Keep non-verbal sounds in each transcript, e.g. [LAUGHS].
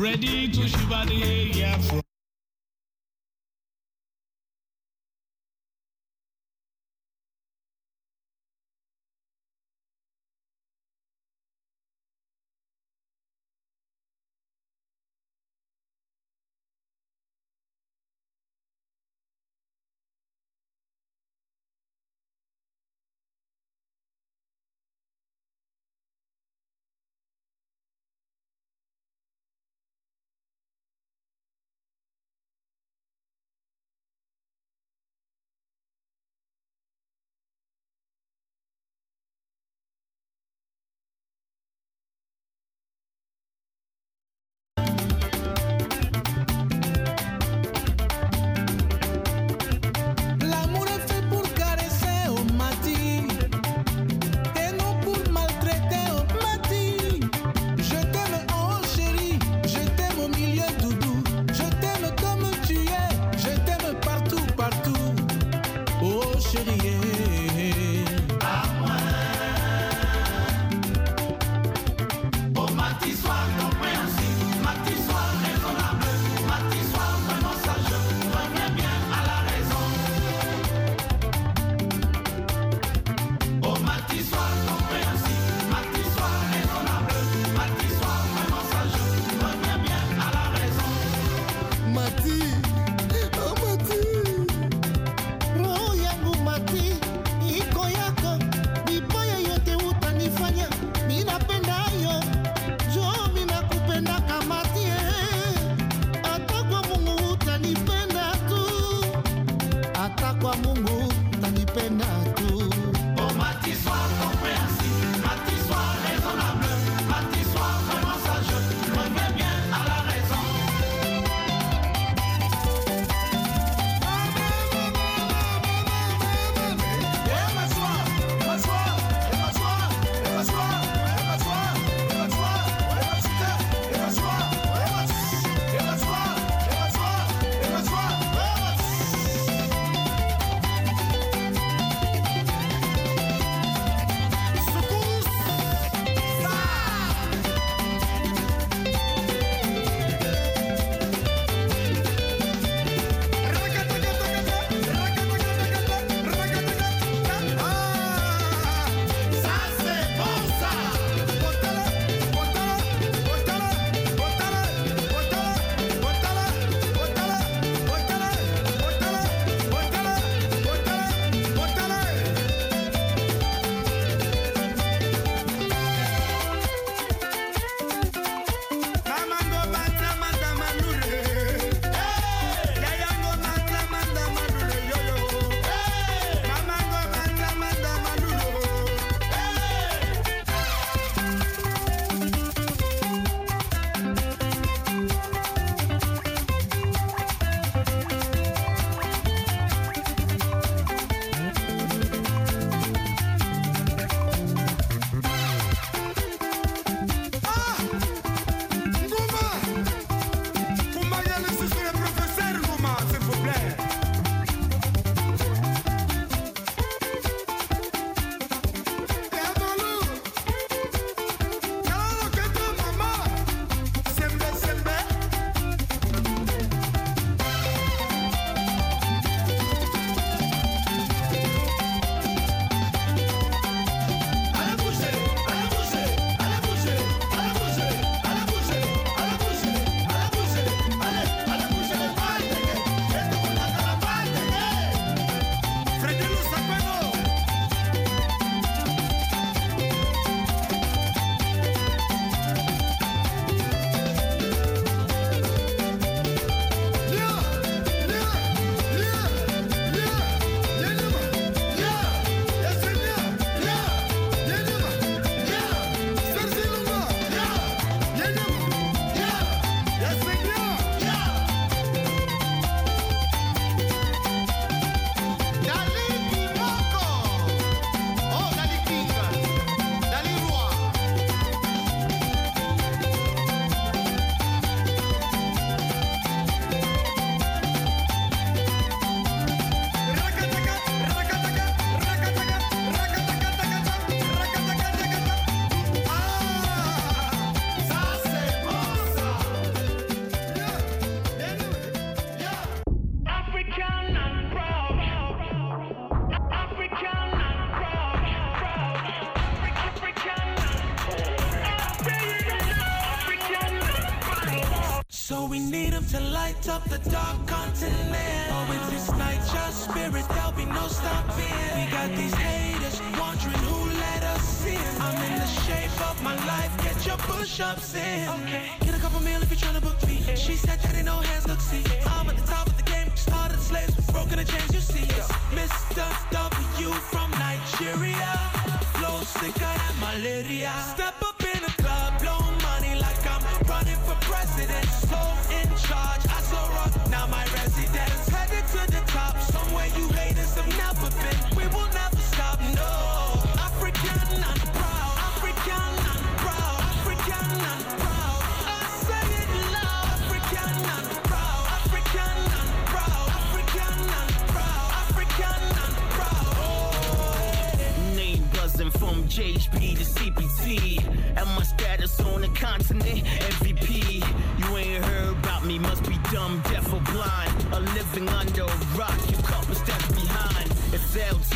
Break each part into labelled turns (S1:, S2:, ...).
S1: ready to shiver the air from.
S2: boom
S3: clubs in. Okay. Get a couple meal if you're trying to book me. She said that ain't no hands, look, see. I'm at the top of the game, started the slaves, was broken the chains, you see. Mr. W from Nigeria, flow sicker than malaria. Step up in the club, blow money like I'm running for president. So in charge, I so rock, now my residence. Headed to the top, somewhere you haters have never been.
S2: HP to CPT. And my status on the continent.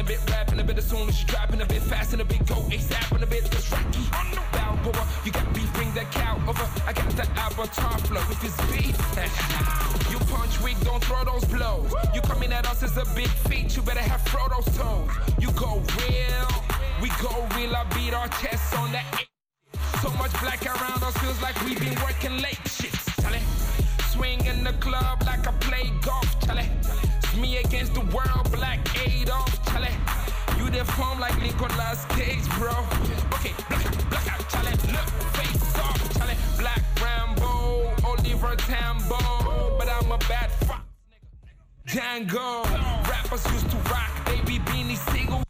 S1: a bit, rapping a bit as soon as you driving a bit fast and a bit go ASAP and a bit just rocky. I'm no Balboa, you got beef, bring that cow over. I got that avatar flow with this beef. [LAUGHS] you punch weak, don't throw those blows. You coming at us as a big feat, you better have Frodo's toes. You go real, we go real. I beat our chests on that. So much black around us feels like we've been working late. Shit, Charlie. Swing in the club like I play golf, Charlie me against the world, Black Adolf, Charlie. You deform like Nicolas Cage, bro. Okay, black, black out, Charlie. Look, face off, Charlie. Black Rambo, Oliver Tambo. But I'm a bad fuck. nigga. Django. Rappers used to rock, Baby, beanie
S2: single.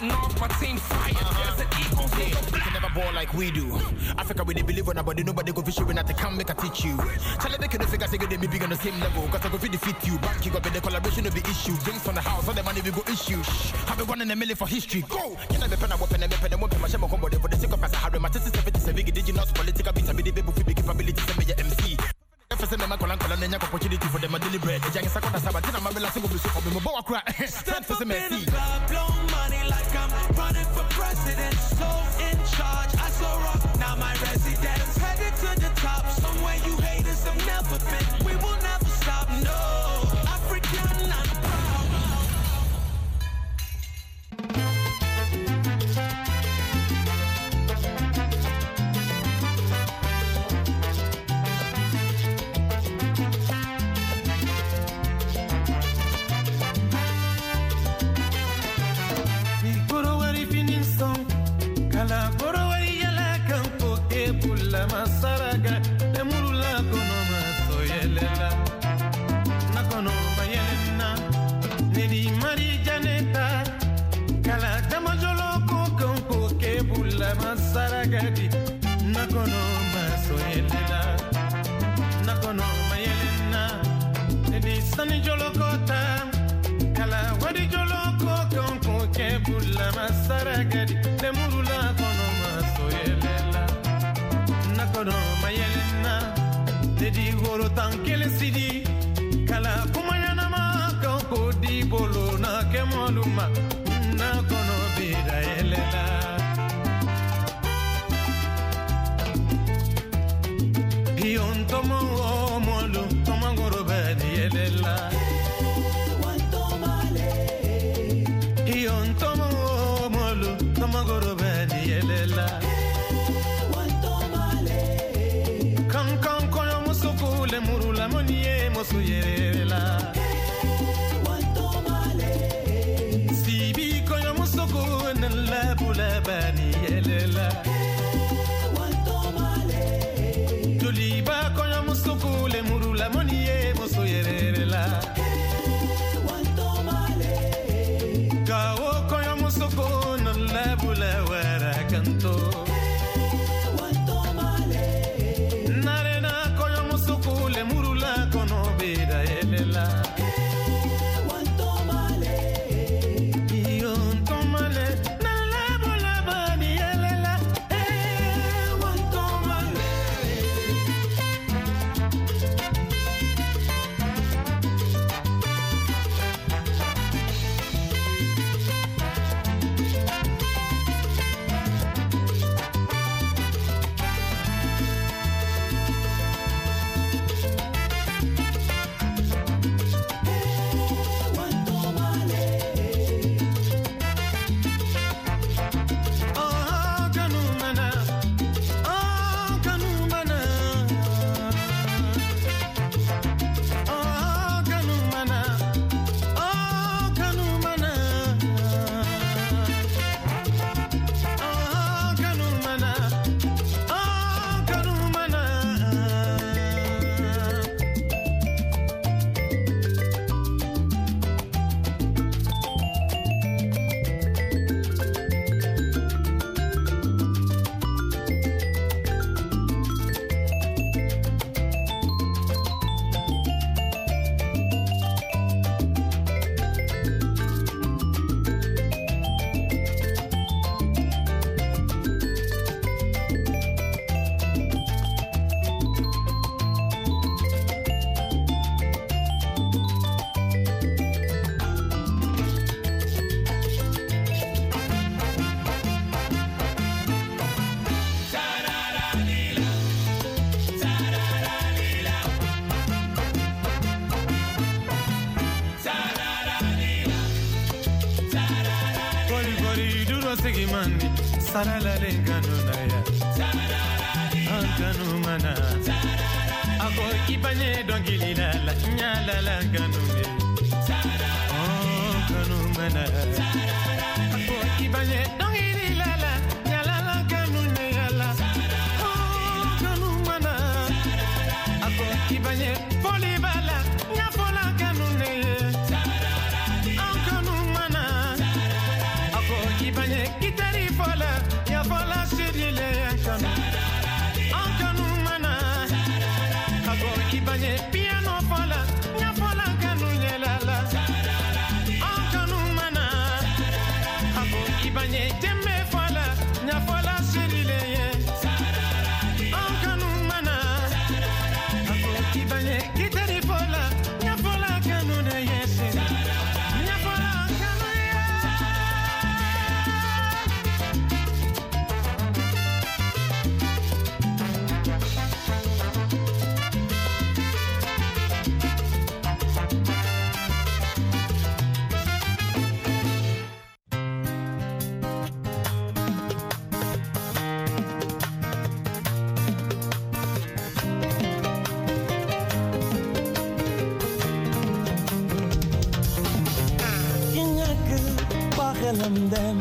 S2: Starting off my team fire. There's an equal yeah. nigga Can never ball like we do. Africa we really believe on nobody, nobody go fishing when I can make I teach you. Tell them they can not figure they be big on the same level. Cause I go fit defeat you. Back you up in the collaboration of be issue. Drinks on the house, all the money we go issue. Shh. Have been one in a million for history. Go! Can I be pen and weapon and weapon and weapon? My shame on for the sake of us. I have my is 77 big digital political beats. I be the baby with big capability. Send me your MC. First time I call and call and opportunity for them, to deliberate. The young second, I said, I didn't have a single piece of me. But I cry. [LAUGHS] Step up in the club, blow money like running
S3: for president, so in charge. I saw rock, now my residence. Headed to the top, somewhere you haters have never been.
S4: violence did paralale ngano na ya ngano mana ako ibanye dongili la la nyala la ngano me oh ngano mana ako ibanye dongili la la
S5: and them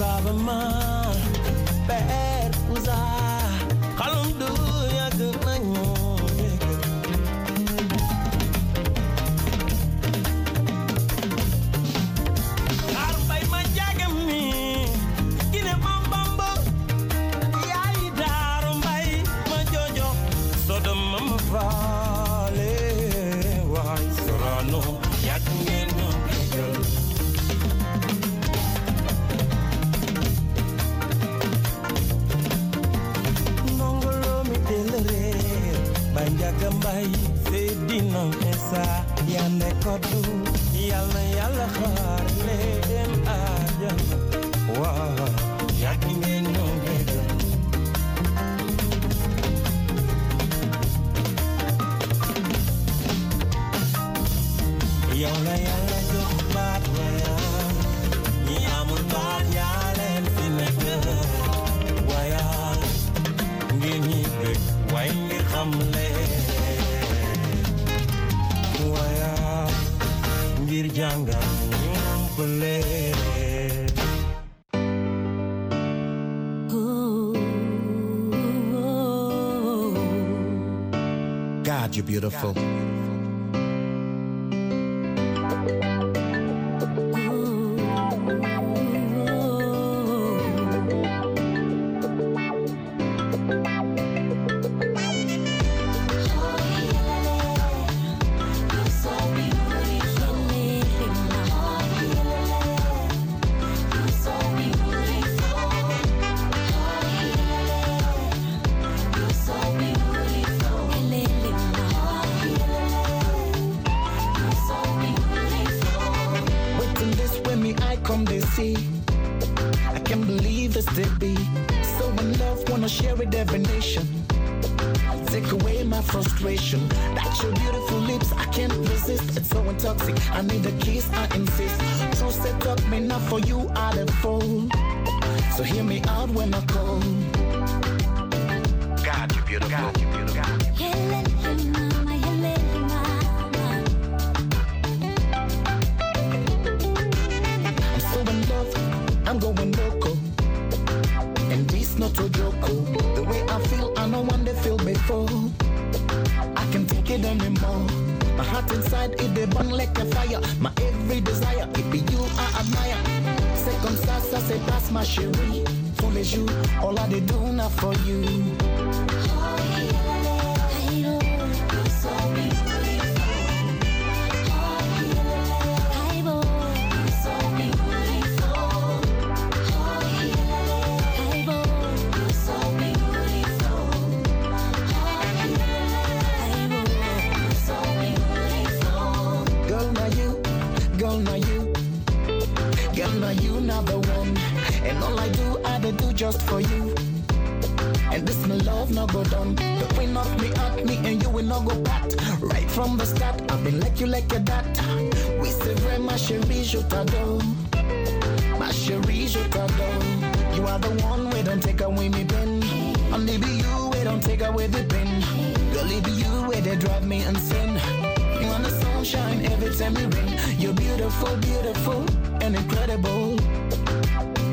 S5: bağlama Ber uzak
S2: you're beautiful. I can't believe this to be. So in love, wanna share with every nation. Take away my frustration. That your beautiful lips, I can't resist. It's so intoxicating. I need a kiss, I insist. True set up me not for you, I will not fall. So hear me out when I call. God, you beautiful. God, you heart inside, it be burn like a fire. My every desire, it be you I admire. Second sasa, say pass my cherie. Foolish you, all I did do now for you. Oh, yeah. I know, And all I do, I they do just for you. And this my love no go done. The queen of me at me and you will not go back. Right from the start, I've been like you like a dat. We say very my chérie, je t'adore. My chérie, je t'adore. You are the one we don't take away me pen. Only be you we don't take away the pen. Girl, it be you where they drive me insane. You are the sunshine every time you rain. You're beautiful, beautiful and incredible.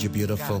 S2: you're beautiful.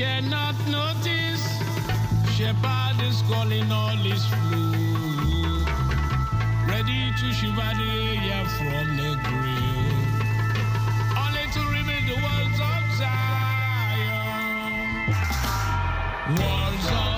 S1: cannot notice. Shepherd is calling all his flock, ready to shiver the air from the grave, only to rebuild the walls of Zion. Walls of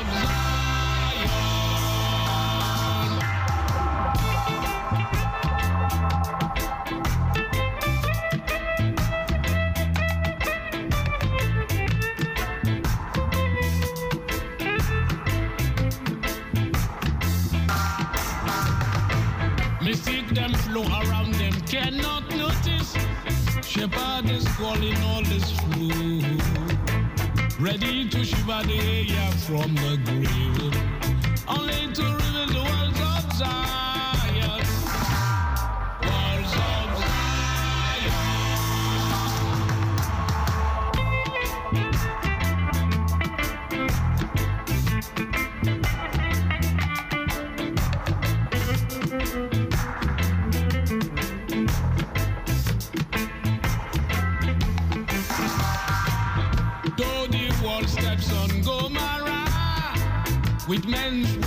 S1: The party's calling all is through. Ready to shiver the air from the grave. Only to reveal the world's outside. with men's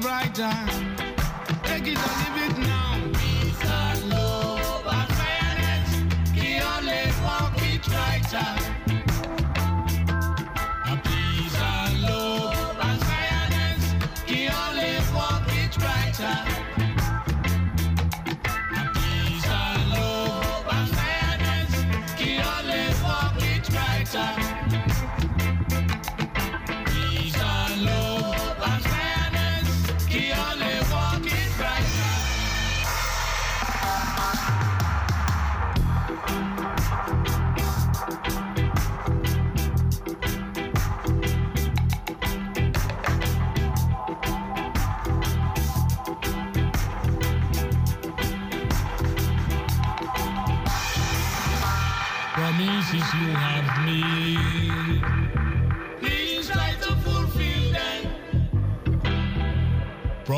S1: right down.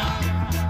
S1: song.